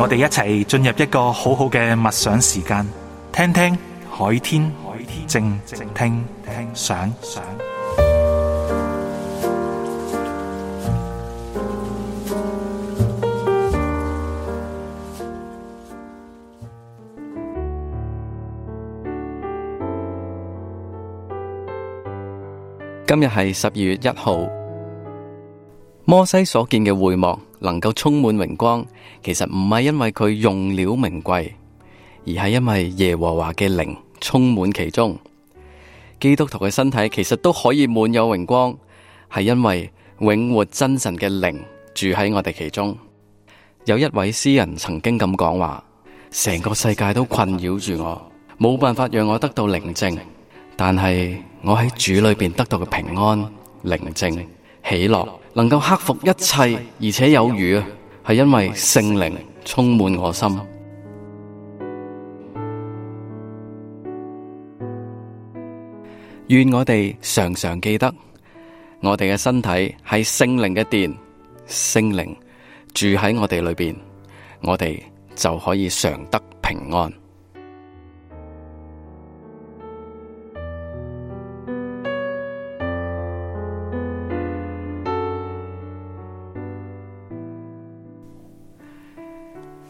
我哋一齊進入一個好好嘅默想時間，聽聽海天靜靜聽想。今日係十二月一號，摩西所見嘅會幕，能夠充滿榮光，其實唔係因為佢用料名貴，而係因為耶和華嘅靈充滿其中。基督徒嘅身體其實都可以滿有榮光，係因為永活真神嘅靈住喺我哋其中。有一位詩人曾經咁講話：「成個世界都困擾住我，冇辦法讓我得到寧靜，但係我喺主裏邊得到嘅平安、寧靜、喜樂。能夠克服一切，而且有餘啊！係因為聖靈充滿我心。願我哋常常記得，我哋嘅身體係聖靈嘅殿，聖靈住喺我哋裏邊，我哋就可以常得平安。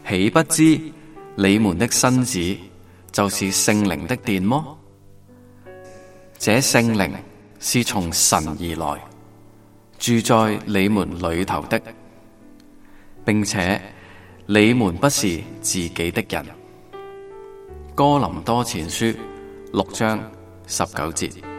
豈不知你們的身子就是聖靈的殿麼？這聖靈是從神而來，住在你們裡頭的，並且你們不是自己的人。哥林多前書六章十九節。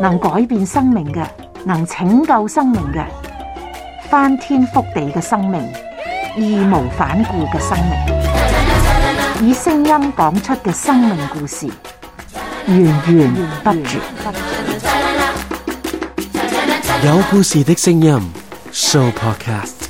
能改變生命嘅，能拯救生命嘅，翻天覆地嘅生命，義無反顧嘅生命，以聲音講出嘅生命故事，源源不絕。有故事的聲音，Sooo Podcast。